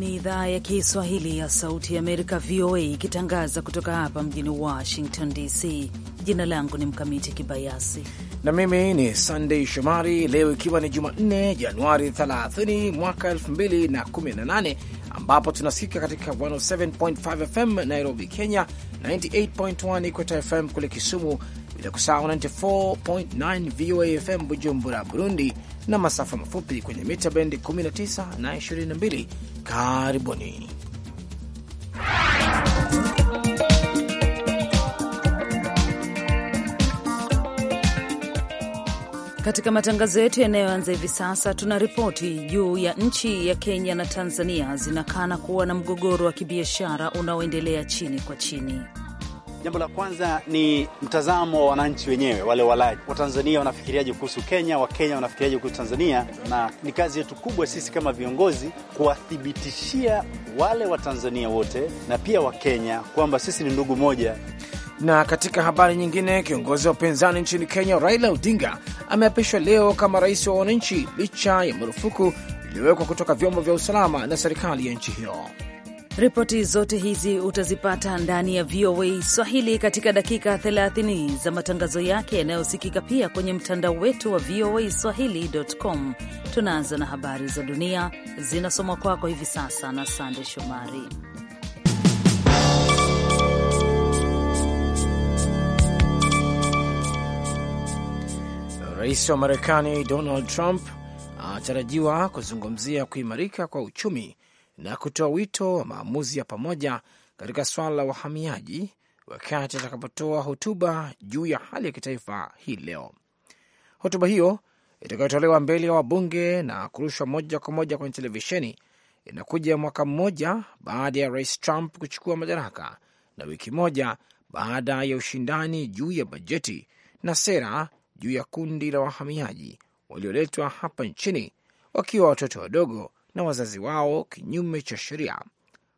ni idhaa ya Kiswahili ya Sauti ya Amerika, VOA, ikitangaza kutoka hapa mjini Washington DC. Jina langu ni Mkamiti Kibayasi na mimi ni Sandei Shomari. Leo ikiwa ni Jumanne, Januari 30 mwaka 2018, ambapo tunasikika katika 107.5 FM Nairobi, Kenya, 98.1 Ikweta FM kule Kisumu, bila kusahau 94.9 VOA FM Bujumbura, Burundi, na masafa mafupi kwenye mita bendi 19 na 22 Karibuni. Katika matangazo yetu yanayoanza hivi sasa tuna ripoti juu ya nchi ya Kenya na Tanzania zinakana kuwa na mgogoro wa kibiashara unaoendelea chini kwa chini. Jambo la kwanza ni mtazamo wa wananchi wenyewe, wale walaji Watanzania wanafikiriaje kuhusu Kenya, Wakenya wanafikiriaje kuhusu Tanzania, na ni kazi yetu kubwa sisi kama viongozi kuwathibitishia wale Watanzania wote na pia Wakenya kwamba sisi ni ndugu moja. Na katika habari nyingine, kiongozi wa upinzani nchini Kenya Raila Odinga ameapishwa leo kama rais wa wananchi licha ya marufuku iliyowekwa kutoka vyombo vya usalama na serikali ya nchi hiyo. Ripoti zote hizi utazipata ndani ya VOA Swahili katika dakika 30 za matangazo yake yanayosikika pia kwenye mtandao wetu wa VOA Swahili.com. Tunaanza na habari za dunia, zinasomwa kwako hivi sasa na Sande Shomari. Rais wa Marekani Donald Trump anatarajiwa kuzungumzia kuimarika kwa uchumi na kutoa wito wa maamuzi ya pamoja katika swala la wahamiaji wakati atakapotoa hotuba juu ya hali ya kitaifa hii leo. Hotuba hiyo itakayotolewa mbele ya wabunge na kurushwa moja kwa moja kwenye televisheni inakuja mwaka mmoja baada ya rais Trump kuchukua madaraka na wiki moja baada ya ushindani juu ya bajeti na sera juu ya kundi la wahamiaji walioletwa hapa nchini wakiwa watoto wadogo na wazazi wao kinyume cha sheria,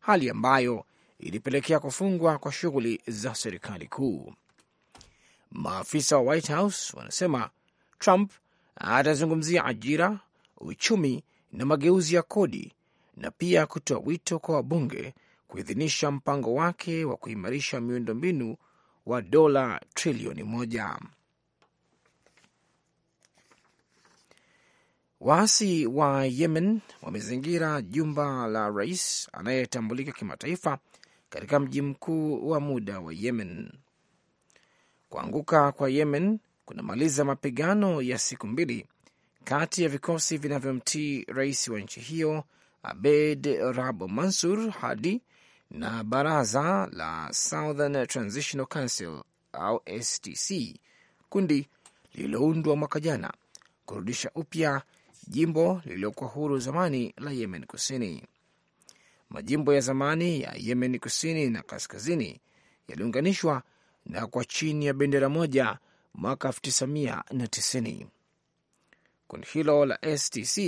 hali ambayo ilipelekea kufungwa kwa shughuli za serikali kuu. Maafisa wa White House wanasema Trump atazungumzia ajira, uchumi na mageuzi ya kodi na pia kutoa wito kwa wabunge kuidhinisha mpango wake wa kuimarisha miundombinu wa dola trilioni moja. Waasi wa Yemen wamezingira jumba la rais anayetambulika kimataifa katika mji mkuu wa muda wa Yemen. Kuanguka kwa Yemen kunamaliza mapigano ya siku mbili kati ya vikosi vinavyomtii rais wa nchi hiyo Abed Rabo Mansur Hadi na baraza la Southern Transitional Council au STC, kundi lililoundwa mwaka jana kurudisha upya jimbo lililokuwa huru zamani la Yemen Kusini. Majimbo ya zamani ya Yemen Kusini na Kaskazini yaliunganishwa na kwa chini ya bendera moja mwaka 1990. Kundi hilo la STC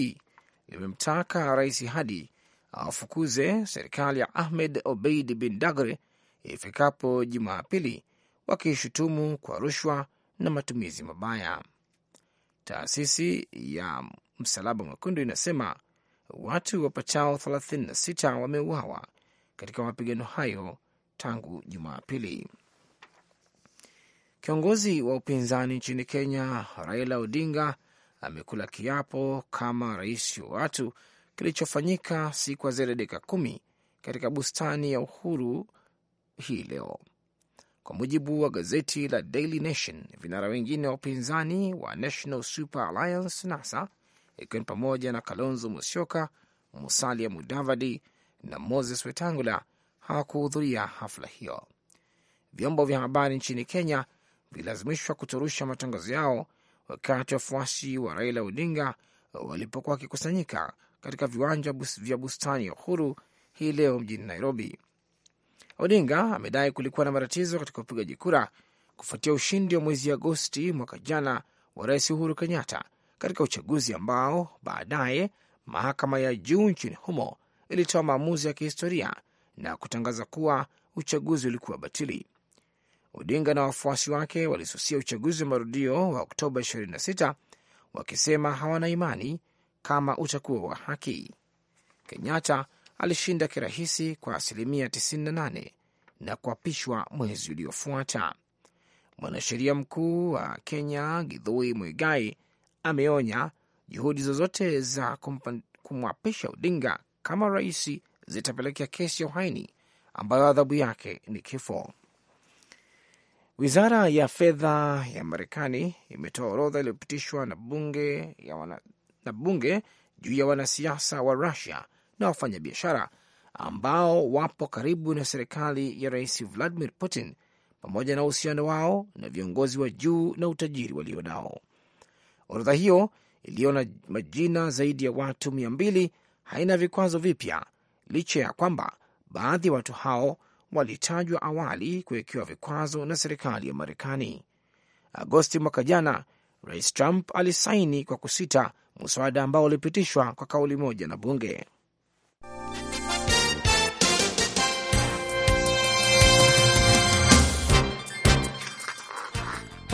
limemtaka Rais Hadi awafukuze serikali ya Ahmed Obeid bin Dagre ifikapo Jumapili, wakiishutumu kwa rushwa na matumizi mabaya. Taasisi ya Msalaba Mwekundu inasema watu wapatao 36 wameuawa katika mapigano hayo tangu Jumapili. Kiongozi wa upinzani nchini Kenya Raila Odinga amekula kiapo kama rais wa watu kilichofanyika siku za dakika kumi katika bustani ya Uhuru hii leo. Kwa mujibu wa gazeti la Daily Nation, vinara wengine wa upinzani wa National Super Alliance NASA ikiwa ni pamoja na Kalonzo Musyoka, Musalia Mudavadi na Moses Wetangula hawakuhudhuria hafla hiyo. Vyombo vya habari nchini Kenya vililazimishwa kuturusha matangazo yao wakati wafuasi wa Raila Odinga walipokuwa wakikusanyika katika viwanja vya bustani ya Uhuru hii leo mjini Nairobi. Odinga amedai kulikuwa na matatizo katika upigaji kura kufuatia ushindi wa mwezi Agosti mwaka jana wa Rais Uhuru Kenyatta katika uchaguzi ambao baadaye mahakama ya juu nchini humo ilitoa maamuzi ya kihistoria na kutangaza kuwa uchaguzi ulikuwa batili. Odinga na wafuasi wake walisusia uchaguzi wa marudio wa Oktoba 26 wakisema hawana imani kama utakuwa wa haki. Kenyatta alishinda kirahisi kwa asilimia 98 na kuapishwa mwezi uliofuata. Mwanasheria mkuu wa Kenya Githui Mwigai ameonya juhudi zozote za kumwapisha Odinga kama rais zitapelekea kesi ya uhaini ambayo adhabu yake ni kifo. Wizara ya fedha ya Marekani imetoa orodha iliyopitishwa na bunge na bunge juu ya wanasiasa wa Rusia na wafanyabiashara ambao wapo karibu na serikali ya Rais Vladimir Putin pamoja na uhusiano wao na viongozi wa juu na utajiri walio nao. Orodha hiyo iliyo na majina zaidi ya watu mia mbili haina vikwazo vipya licha ya kwamba baadhi ya watu hao walitajwa awali kuwekewa vikwazo na serikali ya Marekani. Agosti mwaka jana, Rais Trump alisaini kwa kusita mswada ambao ulipitishwa kwa kauli moja na bunge.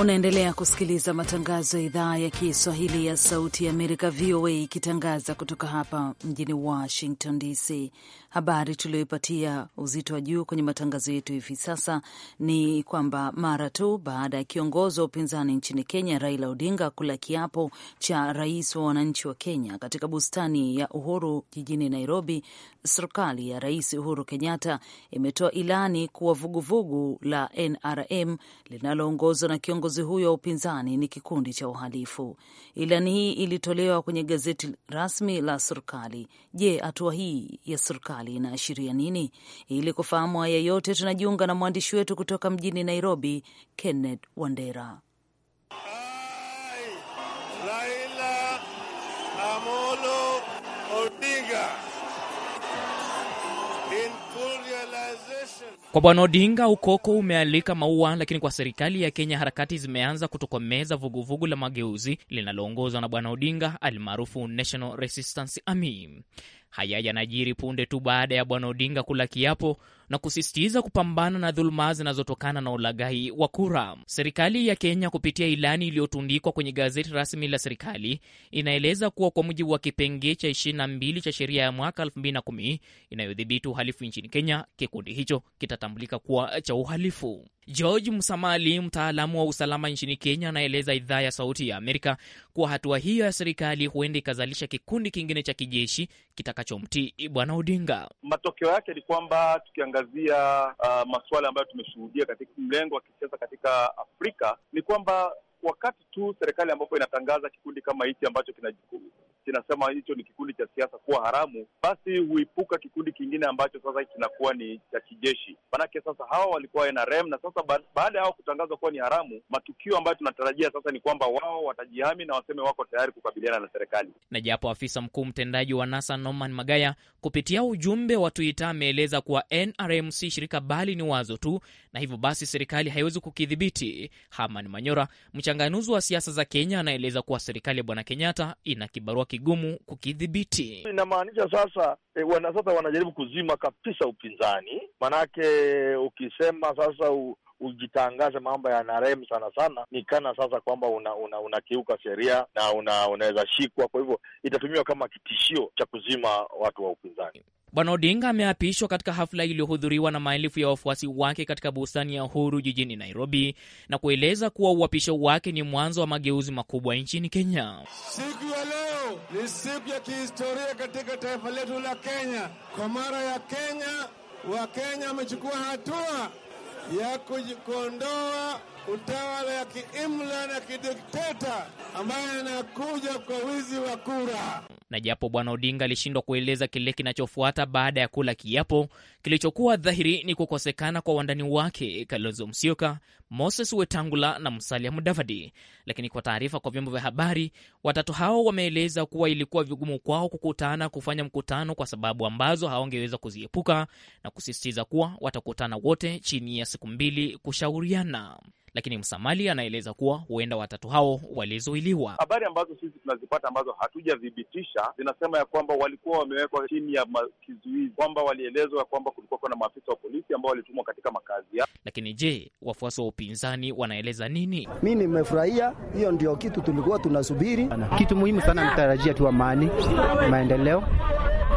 Unaendelea kusikiliza matangazo ya idhaa ya Kiswahili ya Sauti ya Amerika, VOA, ikitangaza kutoka hapa mjini Washington DC habari tuliyoipatia uzito wa juu kwenye matangazo yetu hivi sasa ni kwamba mara tu baada ya kiongozi wa upinzani nchini Kenya Raila Odinga kula kiapo cha rais wa wananchi wa Kenya katika bustani ya Uhuru jijini Nairobi, serikali ya Rais Uhuru Kenyatta imetoa ilani kuwa vuguvugu la NRM linaloongozwa na kiongozi huyo wa upinzani ni kikundi cha uhalifu. Ilani hii ilitolewa kwenye gazeti rasmi la serikali. Je, hatua hii ya serikali serikali inaashiria nini? Ili kufahamu haya yote, tunajiunga na mwandishi wetu kutoka mjini Nairobi, Kenneth Wandera. Raila Amolo Odinga. Kwa bwana Odinga, ukoko umealika maua, lakini kwa serikali ya Kenya harakati zimeanza kutokomeza vuguvugu la mageuzi linaloongozwa na bwana Odinga almaarufu National Resistance Army. Haya yanajiri punde tu baada ya Bwana Odinga kula kiapo na kusisitiza kupambana na dhuluma zinazotokana na ulaghai wa kura. Serikali ya Kenya kupitia ilani iliyotundikwa kwenye gazeti rasmi la serikali inaeleza kuwa kwa mujibu wa kipengee cha 22 cha sheria ya mwaka 2010 inayodhibiti uhalifu nchini Kenya, kikundi hicho kitatambulika kuwa cha uhalifu. George Musamali, mtaalamu wa usalama nchini Kenya, anaeleza idhaa ya Sauti ya Amerika kuwa hatua hiyo ya serikali huenda ikazalisha kikundi kingine cha kijeshi kitakachomtii Bwana Odinga. Matokeo yake ni kwamba tukiangalia tukiangazia uh, masuala ambayo tumeshuhudia katika mlengo wa kisiasa katika Afrika ni kwamba wakati tu serikali ambapo inatangaza kikundi kama hichi ambacho kinasema hicho ni kikundi cha siasa kuwa haramu, basi huipuka kikundi kingine ambacho sasa kinakuwa ni cha kijeshi. Maanake sasa hawa walikuwa NRM na sasa baada ya hao kutangazwa kuwa ni haramu, matukio ambayo tunatarajia sasa ni kwamba wao watajihami na waseme wako tayari kukabiliana na serikali. Na japo afisa mkuu mtendaji wa NASA Norman Magaya kupitia ujumbe wa Twitter ameeleza kuwa NRM si shirika bali ni wazo tu, na hivyo basi serikali haiwezi kukidhibiti. Haman Manyora mcha Mchanganuzi wa siasa za Kenya anaeleza kuwa serikali ya bwana Kenyatta ina kibarua kigumu kukidhibiti. Inamaanisha sasa e, wana, sasa wanajaribu kuzima kabisa upinzani, manake ukisema sasa u ujitangaze mambo ya NRM sana sana, ni kana sasa kwamba unakiuka una, una sheria na una, unaweza shikwa. Kwa hivyo itatumiwa kama kitishio cha kuzima watu wa upinzani. Bwana Odinga ameapishwa katika hafla iliyohudhuriwa na maelfu ya wafuasi wake katika bustani ya Uhuru jijini Nairobi na kueleza kuwa uapisho wake ni mwanzo wa mageuzi makubwa nchini Kenya. Siku ya leo ni siku ya kihistoria katika taifa letu la Kenya. Kwa mara ya Kenya, Wakenya wamechukua hatua ya kuondoa utawala ya kiimla na kidikteta ambayo inakuja kwa wizi wa kura. Na japo Bwana Odinga alishindwa kueleza kile kinachofuata baada ya kula kiapo, kilichokuwa dhahiri ni kukosekana kwa wandani wake Kalonzo Musyoka, Moses Wetangula na Musalia Mudavadi. Lakini kwa taarifa kwa vyombo vya habari, watatu hao wameeleza kuwa ilikuwa vigumu kwao kukutana kufanya mkutano kwa sababu ambazo hawangeweza kuziepuka, na kusisitiza kuwa watakutana wote chini ya siku mbili kushauriana lakini Msamali anaeleza kuwa huenda watatu hao walizuiliwa. Habari ambazo sisi tunazipata ambazo hatujathibitisha zinasema ya kwamba walikuwa wamewekwa chini ya kizuizi, kwamba walielezwa kwamba kulikuwa kuna maafisa wa polisi ambao walitumwa katika makazi yao. Lakini je, wafuasi wa upinzani wanaeleza nini? Mi nimefurahia, hiyo ndio kitu tulikuwa tunasubiri. Kitu muhimu sana, natarajia tu amani, maendeleo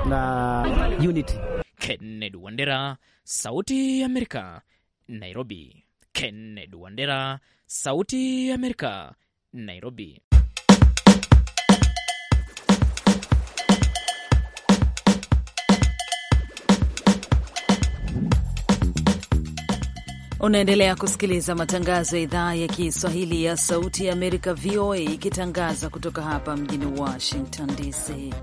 na unity. Kennedy Wandera, Sauti ya Amerika, Nairobi. Kennedy Wandera, Sauti ya Amerika, Nairobi. Unaendelea kusikiliza matangazo ya idhaa ya Kiswahili ya Sauti ya Amerika, VOA, ikitangaza kutoka hapa mjini Washington DC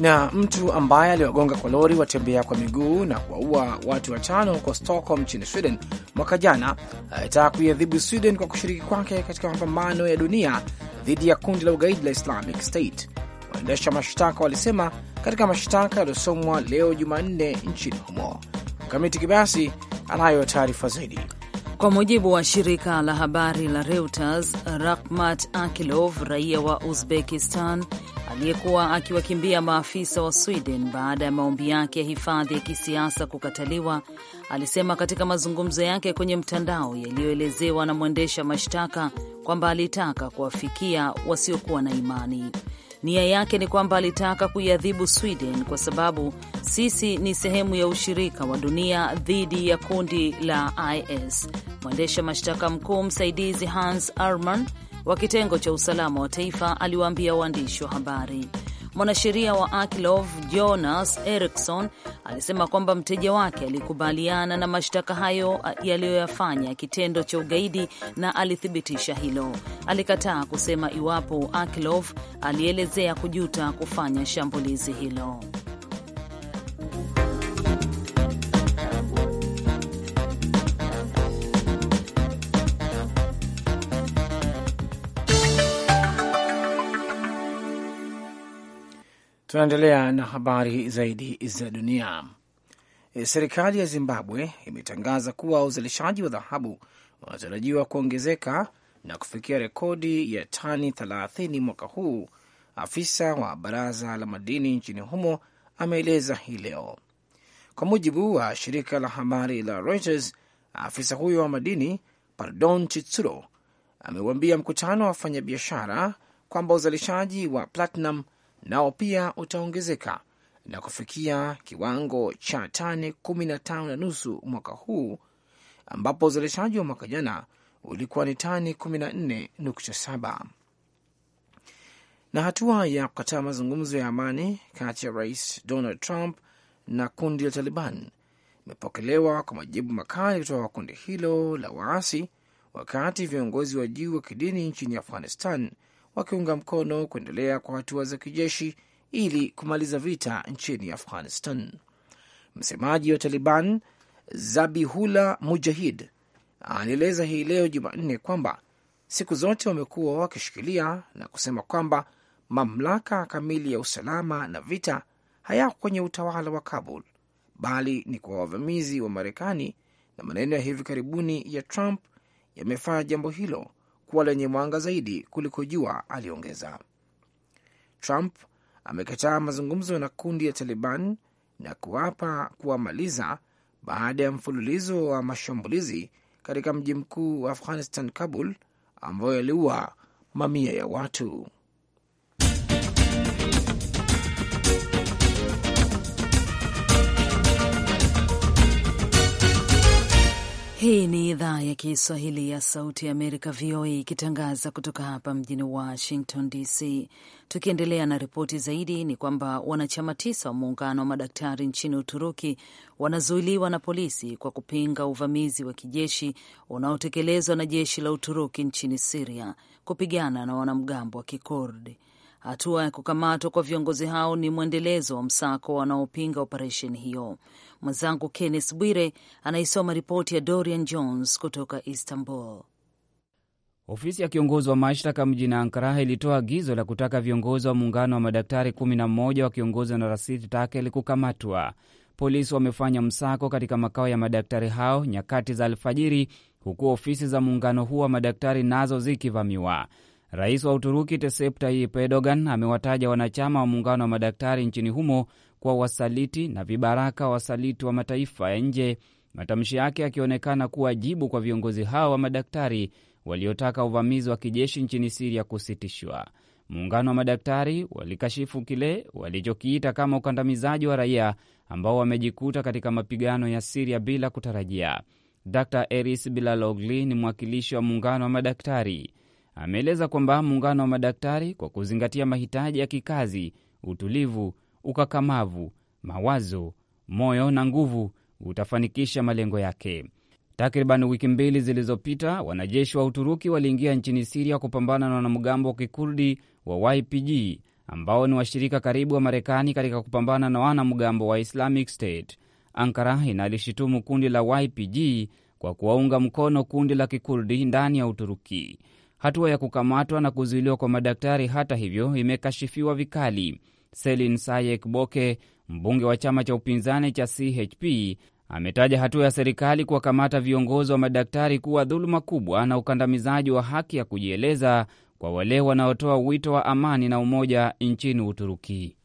na mtu ambaye aliwagonga kwa lori watembea kwa miguu na kuwaua watu watano huko Stockholm nchini Sweden mwaka jana alitaka kuiadhibu Sweden kwa kushiriki kwake katika mapambano ya dunia dhidi ya kundi la ugaidi la Islamic State. Waendesha mashtaka walisema katika mashtaka yaliyosomwa leo Jumanne nchini humo. Mkamiti Kibasi anayo taarifa zaidi. Kwa mujibu wa shirika la habari la Reuters, rahmat Akilov, raia wa Uzbekistan aliyekuwa akiwakimbia maafisa wa Sweden baada ya maombi yake ya hifadhi ya kisiasa kukataliwa, alisema katika mazungumzo yake kwenye mtandao yaliyoelezewa na mwendesha mashtaka kwamba alitaka kuwafikia wasiokuwa na imani. Nia yake ni kwamba alitaka kuiadhibu Sweden kwa sababu sisi ni sehemu ya ushirika wa dunia dhidi ya kundi la IS. Mwendesha mashtaka mkuu msaidizi Hans Arman wa kitengo cha usalama wa taifa aliwaambia waandishi wa habari. Mwanasheria wa Akilov Jonas erikson alisema kwamba mteja wake alikubaliana na mashtaka hayo yaliyoyafanya kitendo cha ugaidi na alithibitisha hilo. Alikataa kusema iwapo Akilov alielezea kujuta kufanya shambulizi hilo. Tunaendelea na habari zaidi za dunia. E, serikali ya Zimbabwe imetangaza kuwa uzalishaji wa dhahabu unatarajiwa kuongezeka na kufikia rekodi ya tani 30 mwaka huu. Afisa wa baraza la madini nchini humo ameeleza hii leo, kwa mujibu wa shirika la habari la Reuters. Afisa huyo wa madini Pardon Chitsuro ameuambia mkutano wa wafanyabiashara kwamba uzalishaji wa platinum nao pia utaongezeka na kufikia kiwango cha tani 15 na nusu mwaka huu, ambapo uzalishaji wa mwaka jana ulikuwa ni tani 14.7. Na hatua ya kukataa mazungumzo ya amani kati ya Rais Donald Trump na kundi la Taliban imepokelewa kwa majibu makali kutoka kwa kundi hilo la waasi, wakati viongozi wa juu wa kidini nchini Afghanistan wakiunga mkono kuendelea kwa hatua za kijeshi ili kumaliza vita nchini Afghanistan. Msemaji wa Taliban Zabihullah Mujahid alieleza hii leo Jumanne kwamba siku zote wamekuwa wakishikilia na kusema kwamba mamlaka kamili ya usalama na vita hayako kwenye utawala wa Kabul bali ni kwa wavamizi wa Marekani, na maneno ya hivi karibuni ya Trump yamefanya jambo hilo kuwa lenye mwanga zaidi kuliko jua, aliongeza. Trump amekataa mazungumzo na kundi ya Taliban na kuapa kuwamaliza baada ya mfululizo wa mashambulizi katika mji mkuu wa Afghanistan, Kabul, ambayo yaliua mamia ya watu. Hii ni idhaa ya Kiswahili ya Sauti ya Amerika, VOA, ikitangaza kutoka hapa mjini Washington DC. Tukiendelea na ripoti zaidi, ni kwamba wanachama tisa wa muungano wa madaktari nchini Uturuki wanazuiliwa na polisi kwa kupinga uvamizi wa kijeshi unaotekelezwa na jeshi la Uturuki nchini Siria kupigana na wanamgambo wa Kikurdi. Hatua ya kukamatwa kwa viongozi hao ni mwendelezo wa msako wanaopinga operesheni hiyo. Mwenzangu Kennes Bwire anaisoma ripoti ya Dorian Jones kutoka Istanbul. Ofisi ya kiongozi wa mashtaka mjini Ankara ilitoa agizo la kutaka viongozi wa muungano wa madaktari 11 wakiongozwa na rasit Takel kukamatwa. Polisi wamefanya msako katika makao ya madaktari hao nyakati za alfajiri, huku ofisi za muungano huo wa madaktari nazo zikivamiwa. Rais wa Uturuki Recep Tayyip Erdogan amewataja wanachama wa muungano wa madaktari nchini humo kuwa wasaliti na vibaraka wasaliti wa mataifa ya nje, matamshi yake yakionekana kuwa jibu kwa viongozi hao wa madaktari waliotaka uvamizi wa kijeshi nchini Siria kusitishwa. Muungano wa madaktari walikashifu kile walichokiita kama ukandamizaji wa raia ambao wamejikuta katika mapigano ya Siria bila kutarajia. Dr Eris Bilalogli ni mwakilishi wa muungano wa madaktari ameeleza kwamba muungano wa madaktari kwa kuzingatia mahitaji ya kikazi, utulivu, ukakamavu, mawazo, moyo na nguvu utafanikisha malengo yake. Takriban wiki mbili zilizopita, wanajeshi wa Uturuki waliingia nchini Siria kupambana na wanamgambo wa kikurdi wa YPG ambao ni washirika karibu wa Marekani katika kupambana na wanamgambo wa Islamic State. Ankara inalishutumu kundi la YPG kwa kuwaunga mkono kundi la kikurdi ndani ya Uturuki. Hatua ya kukamatwa na kuzuiliwa kwa madaktari, hata hivyo, imekashifiwa vikali. Selin Sayek Boke, mbunge wa chama cha upinzani cha CHP, ametaja hatua ya serikali kuwakamata viongozi wa madaktari kuwa dhuluma kubwa na ukandamizaji wa haki ya kujieleza kwa wale wanaotoa wito wa amani na umoja nchini Uturuki.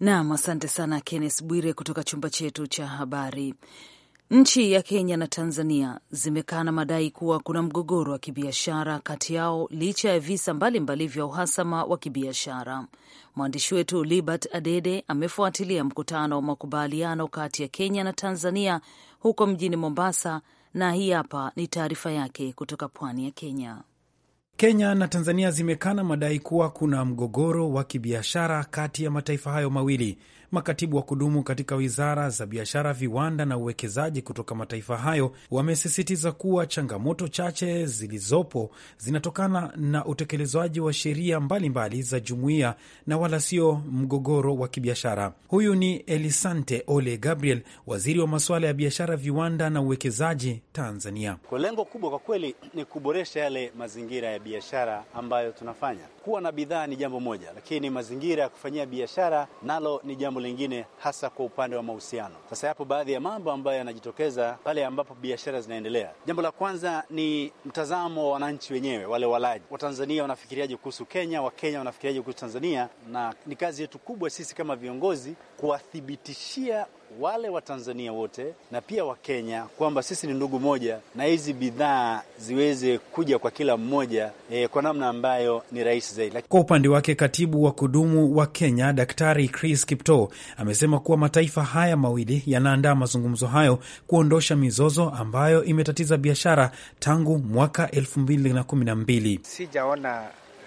nam asante sana Kennes Bwire kutoka chumba chetu cha habari. Nchi ya Kenya na Tanzania zimekana madai kuwa kuna mgogoro wa kibiashara kati yao licha ya visa mbalimbali vya uhasama wa kibiashara. Mwandishi wetu Libert Adede amefuatilia mkutano wa makubaliano kati ya Kenya na Tanzania huko mjini Mombasa, na hii hapa ni taarifa yake kutoka pwani ya Kenya. Kenya na Tanzania zimekana madai kuwa kuna mgogoro wa kibiashara kati ya mataifa hayo mawili. Makatibu wa kudumu katika wizara za biashara, viwanda na uwekezaji kutoka mataifa hayo wamesisitiza kuwa changamoto chache zilizopo zinatokana na utekelezwaji wa sheria mbalimbali za jumuiya na wala sio mgogoro wa kibiashara. Huyu ni Elisante Ole Gabriel, waziri wa masuala ya biashara, viwanda na uwekezaji Tanzania. Kwa lengo kubwa kwa kweli ni kuboresha yale mazingira ya biashara ambayo tunafanya. Kuwa na bidhaa ni jambo moja, lakini mazingira ya kufanyia biashara nalo ni jambo lingine, hasa kwa upande wa mahusiano. Sasa yapo baadhi ya mambo ambayo yanajitokeza pale ambapo biashara zinaendelea. Jambo la kwanza ni mtazamo wa wananchi wenyewe, wale walaji. Watanzania wanafikiriaje kuhusu Kenya? Wakenya wanafikiriaje kuhusu Tanzania? Na ni kazi yetu kubwa sisi kama viongozi kuwathibitishia wale Watanzania wote na pia Wakenya kwamba sisi ni ndugu moja, na hizi bidhaa ziweze kuja kwa kila mmoja e, kwa namna ambayo ni rahisi zaidi. Kwa upande wake, katibu wa kudumu wa Kenya Daktari Chris kipto amesema kuwa mataifa haya mawili yanaandaa mazungumzo hayo kuondosha mizozo ambayo imetatiza biashara tangu mwaka elfu mbili na kumi na mbili. Sijaona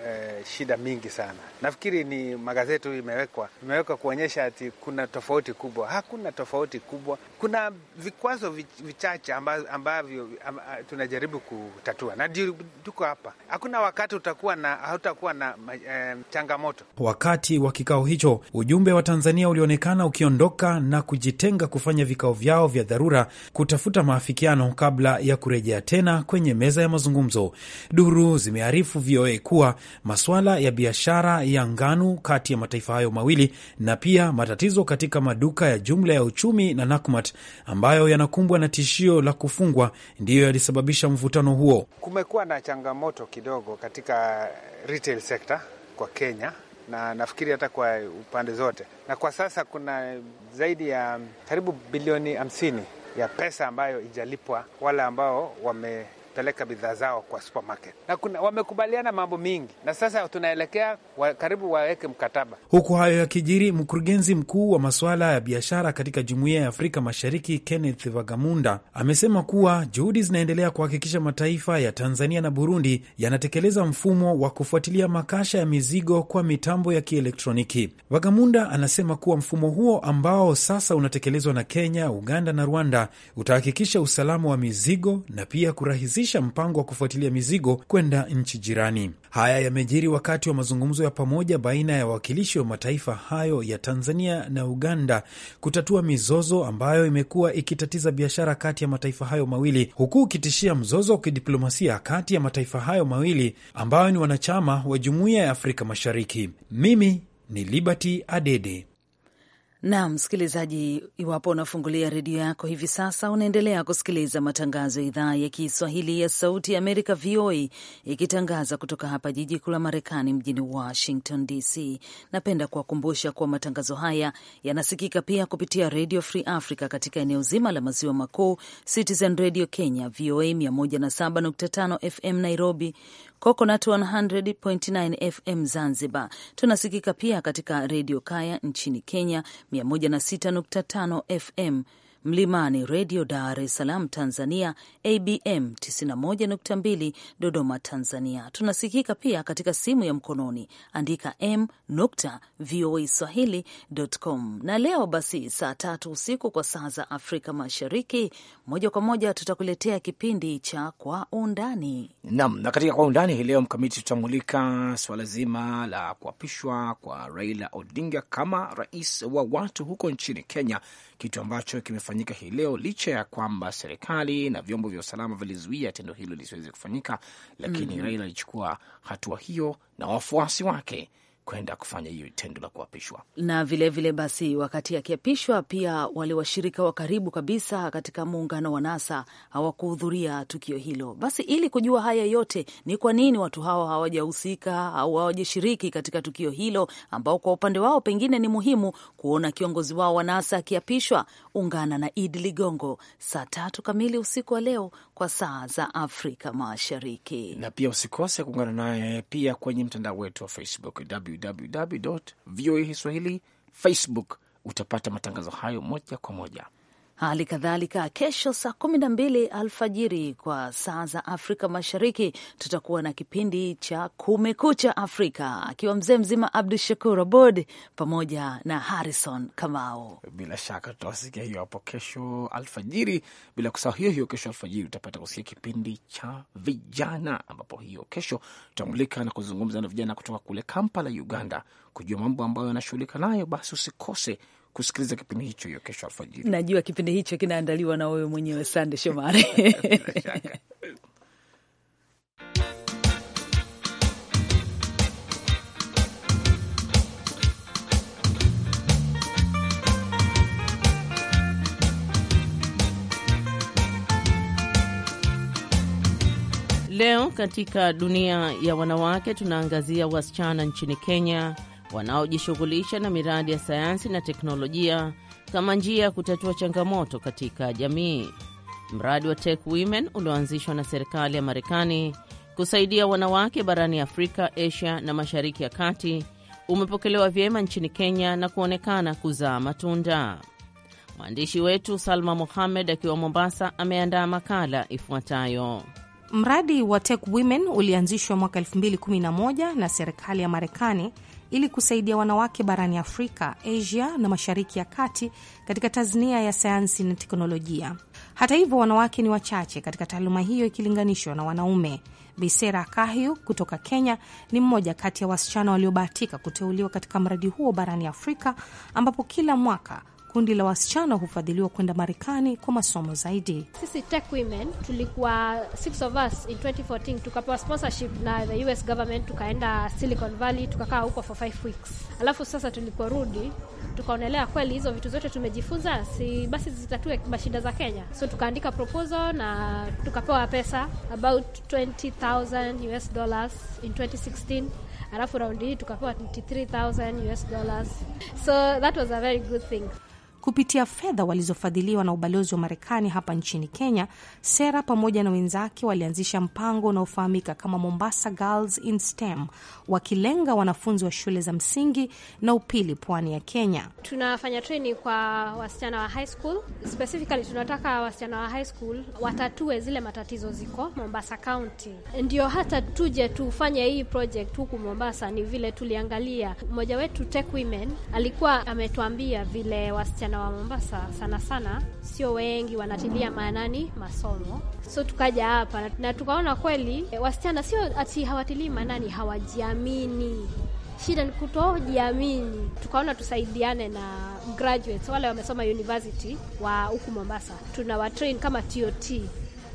eh, shida mingi sana. Nafikiri ni magazeti huyu imewekwa imewekwa kuonyesha ati kuna tofauti kubwa. Hakuna tofauti kubwa, kuna vikwazo vichache ambavyo amba, ah, tunajaribu kutatua, na ndio tuko hapa. Hakuna wakati utakuwa na hautakuwa na eh, changamoto. Wakati wa kikao hicho, ujumbe wa Tanzania ulionekana ukiondoka na kujitenga kufanya vikao vyao vya dharura kutafuta maafikiano kabla ya kurejea tena kwenye meza ya mazungumzo. Duru zimearifu VOA kuwa masuala ya biashara ya ngano kati ya mataifa hayo mawili na pia matatizo katika maduka ya jumla ya uchumi na Nakumat ambayo yanakumbwa na tishio la kufungwa ndiyo yalisababisha mvutano huo. Kumekuwa na changamoto kidogo katika retail sector kwa Kenya na nafikiri hata kwa upande zote, na kwa sasa kuna zaidi ya karibu bilioni hamsini ya pesa ambayo ijalipwa wale ambao wame kupeleka bidhaa zao kwa supermarket. Na kuna wamekubaliana mambo mingi, na sasa tunaelekea wa, karibu waweke mkataba. Huku hayo yakijiri, mkurugenzi mkuu wa masuala ya biashara katika Jumuiya ya Afrika Mashariki Kenneth Vagamunda amesema kuwa juhudi zinaendelea kuhakikisha mataifa ya Tanzania na Burundi yanatekeleza mfumo wa kufuatilia makasha ya mizigo kwa mitambo ya kielektroniki. Vagamunda anasema kuwa mfumo huo ambao sasa unatekelezwa na Kenya, Uganda na Rwanda utahakikisha usalama wa mizigo na pia kurahisisha kusitisha mpango wa kufuatilia mizigo kwenda nchi jirani. Haya yamejiri wakati wa mazungumzo ya pamoja baina ya wawakilishi wa mataifa hayo ya Tanzania na Uganda kutatua mizozo ambayo imekuwa ikitatiza biashara kati ya mataifa hayo mawili, huku ukitishia mzozo wa kidiplomasia kati ya mataifa hayo mawili ambayo ni wanachama wa Jumuiya ya Afrika Mashariki. Mimi ni Liberty Adede. Na msikilizaji, iwapo unafungulia redio yako hivi sasa, unaendelea kusikiliza matangazo ya idhaa ya Kiswahili ya Sauti ya Amerika, VOA, ikitangaza kutoka hapa jiji kuu la Marekani, mjini Washington DC. Napenda kuwakumbusha kuwa matangazo haya yanasikika pia kupitia Redio Free Africa katika eneo zima la Maziwa Makuu, Citizen Radio Kenya, VOA 107.5 FM Nairobi, Coconut 100.9 FM Zanzibar. Tunasikika pia katika redio Kaya nchini Kenya 106.5 FM Mlimani Redio Dar es Salaam Tanzania, ABM 91.2 Dodoma Tanzania. Tunasikika pia katika simu ya mkononi, andika m nukta voa swahili.com. Na leo basi, saa tatu usiku kwa saa za Afrika Mashariki, moja kwa moja tutakuletea kipindi cha Kwa Undani nam, na katika Kwa Undani hii leo Mkamiti, tutamulika swala zima la kuapishwa kwa Raila Odinga kama rais wa watu huko nchini Kenya, kitu ambacho kimefanya kufanyika hii leo, licha ya kwamba serikali na vyombo vya usalama vilizuia tendo hilo lisiweze kufanyika, lakini mm Raila alichukua hatua hiyo na wafuasi wake kwenda kufanya hiyo tendo la kuapishwa. Na vilevile vile basi, wakati akiapishwa pia wale washirika wa karibu kabisa katika muungano wa NASA hawakuhudhuria tukio hilo. Basi ili kujua haya yote, ni kwa nini watu hawa hawajahusika au hawajashiriki katika tukio hilo, ambao kwa upande wao pengine ni muhimu kuona kiongozi wao wa NASA akiapishwa, ungana na Idi Ligongo saa tatu kamili usiku wa leo kwa saa za Afrika Mashariki, na pia usikose kuungana naye pia kwenye mtandao wetu wa Facebook w www voa swahili, Facebook utapata matangazo hayo moja kwa moja. Hali kadhalika kesho saa kumi na mbili alfajiri kwa saa za Afrika Mashariki tutakuwa na kipindi cha Kumekucha Afrika akiwa mzee mzima Abdu Shakur Abod pamoja na Harrison Kamao. Bila shaka tutawasikia hiyo hapo kesho alfajiri, bila kusahau hiyo hiyo kesho alfajiri utapata kusikia kipindi cha vijana, ambapo hiyo kesho tutamulika na kuzungumza na vijana kutoka kule Kampala, Uganda, kujua mambo ambayo yanashughulika nayo. Basi usikose kusikiliza kipindi hicho hiyo kesho alfajiri. Najua kipindi hicho kinaandaliwa na wewe mwenyewe Sande Shomari. Leo katika dunia ya wanawake tunaangazia wasichana nchini Kenya wanaojishughulisha na miradi ya sayansi na teknolojia kama njia ya kutatua changamoto katika jamii. Mradi wa Tech Women ulioanzishwa na serikali ya Marekani kusaidia wanawake barani Afrika, Asia na Mashariki ya Kati umepokelewa vyema nchini Kenya na kuonekana kuzaa matunda. Mwandishi wetu Salma Mohamed akiwa Mombasa ameandaa makala ifuatayo. Mradi wa Tech Women ulianzishwa mwaka 2011 na serikali ya Marekani ili kusaidia wanawake barani Afrika, Asia na Mashariki ya Kati katika tasnia ya sayansi na teknolojia. Hata hivyo, wanawake ni wachache katika taaluma hiyo ikilinganishwa na wanaume. Bisera Kahyu kutoka Kenya ni mmoja kati ya wasichana waliobahatika kuteuliwa katika mradi huo barani Afrika, ambapo kila mwaka kundi la wasichana hufadhiliwa kwenda Marekani kwa masomo zaidi. Sisi Tech Women tulikuwa six of us in 2014 tukapewa sponsorship na the US government, tukaenda Silicon Valley tukakaa huko for five weeks, alafu sasa tuliporudi tukaonelea kweli hizo vitu zote tumejifunza, si basi zitatue mashinda za Kenya. So tukaandika proposal na tukapewa pesa about 20000 US dollars in 2016 alafu raundi hii tukapewa 23,000 US dollars so that was a very good thing kupitia fedha walizofadhiliwa na ubalozi wa Marekani hapa nchini Kenya. Sera pamoja na wenzake walianzisha mpango unaofahamika kama Mombasa Girls in STEM, wakilenga wanafunzi wa shule za msingi na upili pwani ya Kenya. Tunafanya training kwa wasichana wa high school. Specifically, tunataka wasichana wa high school watatue zile matatizo ziko Mombasa County, ndio hata tuje tufanye hii project huku Mombasa. Ni vile tuliangalia mmoja wetu Tech Women alikuwa ametuambia vile wasichana vijana wa Mombasa sana sana sio wengi wanatilia maanani masomo, so tukaja hapa na tukaona kweli eh, wasichana sio ati hawatilii maanani, hawajiamini. Shida ni kutojiamini. Tukaona tusaidiane na graduates wale wamesoma university wa huku Mombasa, tuna watrain kama TOT.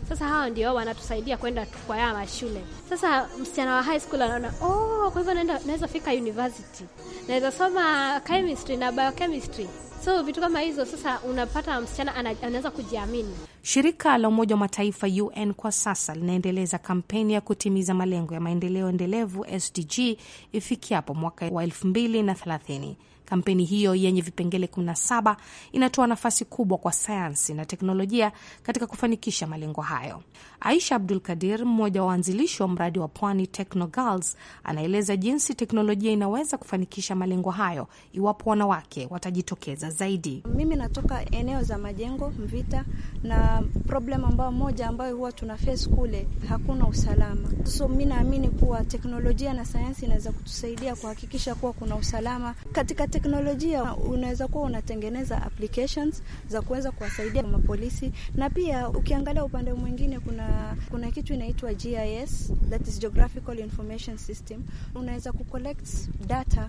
Sasa hawa ndio wanatusaidia kwenda kwa haya mashule. Sasa msichana wa high school anaona oh, kwa hivyo naweza fika university, naweza soma chemistry na biochemistry So vitu kama hizo sasa, unapata msichana anaweza kujiamini. Shirika la Umoja wa Mataifa UN kwa sasa linaendeleza kampeni ya kutimiza malengo ya maendeleo endelevu SDG ifikiapo mwaka wa elfu mbili na thelathini. Kampeni hiyo yenye vipengele 17 inatoa nafasi kubwa kwa sayansi na teknolojia katika kufanikisha malengo hayo. Aisha Abdul Kadir, mmoja wa waanzilishi wa mradi wa Pwani Techno Girls, anaeleza jinsi teknolojia inaweza kufanikisha malengo hayo iwapo wanawake watajitokeza zaidi. Mimi natoka eneo za majengo Mvita, na problem ambayo moja ambayo huwa tuna face kule, hakuna usalama. So mi naamini kuwa teknolojia na sayansi inaweza kutusaidia kuhakikisha kuwa kuna usalama katika teknolojia unaweza kuwa unatengeneza applications za kuweza kuwasaidia mapolisi, na pia ukiangalia upande mwingine, kuna kuna kitu inaitwa GIS, that is Geographical Information System. Unaweza kucollect data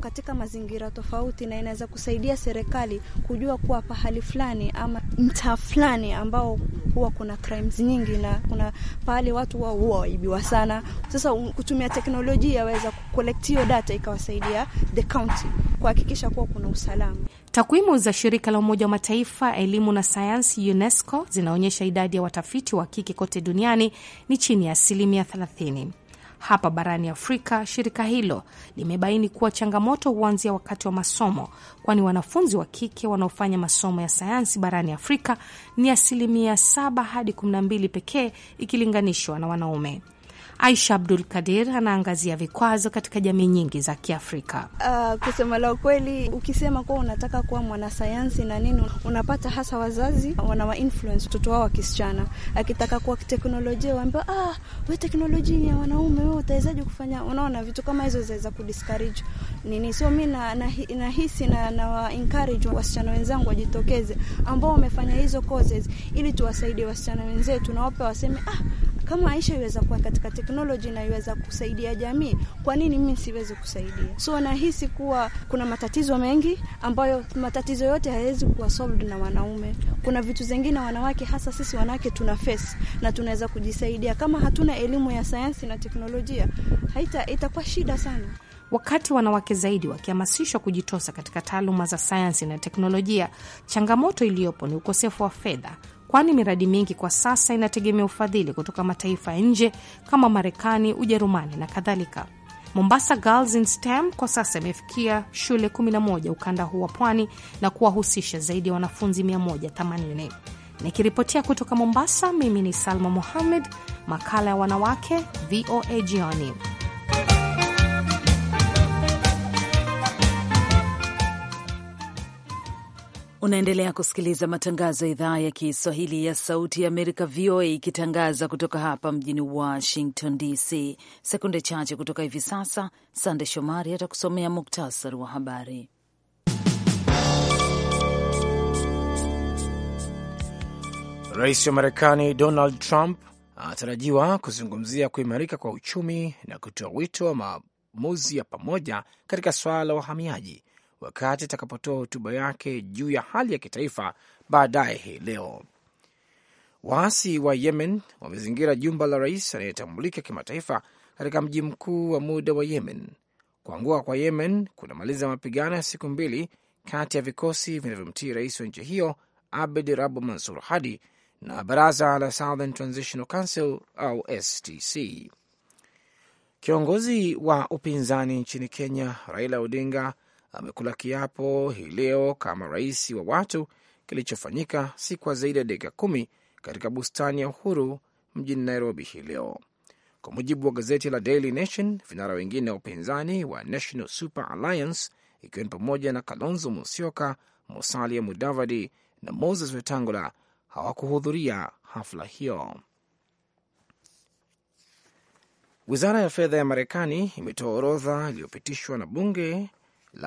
katika mazingira tofauti na inaweza kusaidia serikali kujua kuwa pahali fulani ama mtaa fulani ambao huwa kuna crimes nyingi na kuna pahali watu wao huwa waibiwa sana. Sasa kutumia teknolojia yaweza kukolekti hiyo data ikawasaidia the county kuhakikisha kuwa kuna usalama. Takwimu za shirika la Umoja wa Mataifa elimu na sayansi UNESCO zinaonyesha idadi ya watafiti wa kike kote duniani ni chini ya asilimia 30. Hapa barani Afrika, shirika hilo limebaini kuwa changamoto huanzia wakati wa masomo, kwani wanafunzi wa kike wanaofanya masomo ya sayansi barani Afrika ni asilimia 7 hadi 12 pekee ikilinganishwa na wanaume. Aisha Abdul Kadir anaangazia vikwazo katika jamii nyingi za Kiafrika. Uh, kusema la ukweli, ukisema kuwa unataka kuwa mwanasayansi na nini, unapata hasa wazazi wanawainfluence watoto wao wa kisichana. Akitaka kuwa kiteknolojia, waambiwa ah, we teknolojia ni ya wanaume, we utawezaji kufanya? Unaona, vitu kama hizo zaweza kudiscourage nini. So mi nahisi na, na, na na, na, wa encourage wasichana wenzangu wajitokeze, ambao wamefanya hizo causes, ili tuwasaidie wasichana wenzetu, nawape waseme ah kama Aisha iweza kuwa katika teknoloji na iweza kusaidia jamii, kwa nini mimi siwezi kusaidia? So nahisi kuwa kuna matatizo mengi ambayo matatizo yote hayawezi kuwa solved na wanaume. Kuna vitu zingine wanawake, hasa sisi wanawake, tuna face na tunaweza kujisaidia. Kama hatuna elimu ya sayansi na teknolojia, haita itakuwa shida sana. Wakati wanawake zaidi wakihamasishwa kujitosa katika taaluma za sayansi na teknolojia, changamoto iliyopo ni ukosefu wa fedha kwani miradi mingi kwa sasa inategemea ufadhili kutoka mataifa ya nje kama Marekani, Ujerumani na kadhalika. Mombasa Girls in STEM kwa sasa imefikia shule 11 ukanda huu wa pwani na kuwahusisha zaidi ya wanafunzi 180. Nikiripotia kutoka Mombasa, mimi ni Salma Mohamed, makala ya wanawake, VOA Jioni. Unaendelea kusikiliza matangazo ya idhaa ya Kiswahili ya Sauti ya Amerika, VOA, ikitangaza kutoka hapa mjini Washington DC. Sekunde chache kutoka hivi sasa, Sande Shomari atakusomea muktasari wa habari. Rais wa Marekani Donald Trump anatarajiwa kuzungumzia kuimarika kwa uchumi na kutoa wito wa maamuzi ya pamoja katika swala la wahamiaji wakati atakapotoa hotuba yake juu ya hali ya kitaifa baadaye hii leo. Waasi wa Yemen wamezingira jumba la rais anayetambulika kimataifa katika mji mkuu wa muda wa Yemen. Kuanguka kwa Yemen kunamaliza mapigano ya siku mbili kati ya vikosi vinavyomtii rais wa nchi hiyo Abd Rabu Mansur Hadi na baraza la Southern Transitional Council au STC. Kiongozi wa upinzani nchini Kenya Raila Odinga amekula kiapo hii leo kama rais wa watu, kilichofanyika si kwa zaidi ya dakika kumi katika bustani ya Uhuru mjini Nairobi hii leo. Kwa mujibu wa gazeti la Daily Nation, vinara wengine wa upinzani wa National Super Alliance, ikiwa ni pamoja na Kalonzo Musyoka, Musalia Mudavadi na Moses Wetangula hawakuhudhuria hafla hiyo. Wizara ya fedha ya Marekani imetoa orodha iliyopitishwa na bunge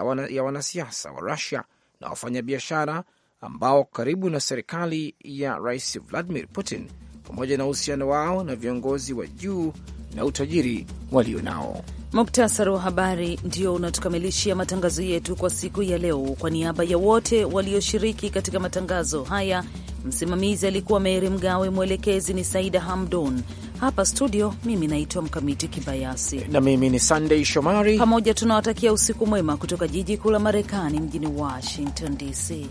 wana, ya wanasiasa wa Rusia na wafanyabiashara ambao karibu na serikali ya Rais Vladimir Putin pamoja na uhusiano wao na viongozi wa juu na utajiri walio nao. Muktasari wa habari ndio unatukamilishia matangazo yetu kwa siku ya leo. Kwa niaba ya wote walioshiriki katika matangazo haya, msimamizi alikuwa Meri Mgawe, mwelekezi ni Saida Hamdun. Hapa studio mimi naitwa Mkamiti Kibayasi na mimi ni sandey Shomari. Pamoja tunawatakia usiku mwema kutoka jiji kuu la Marekani, mjini Washington DC.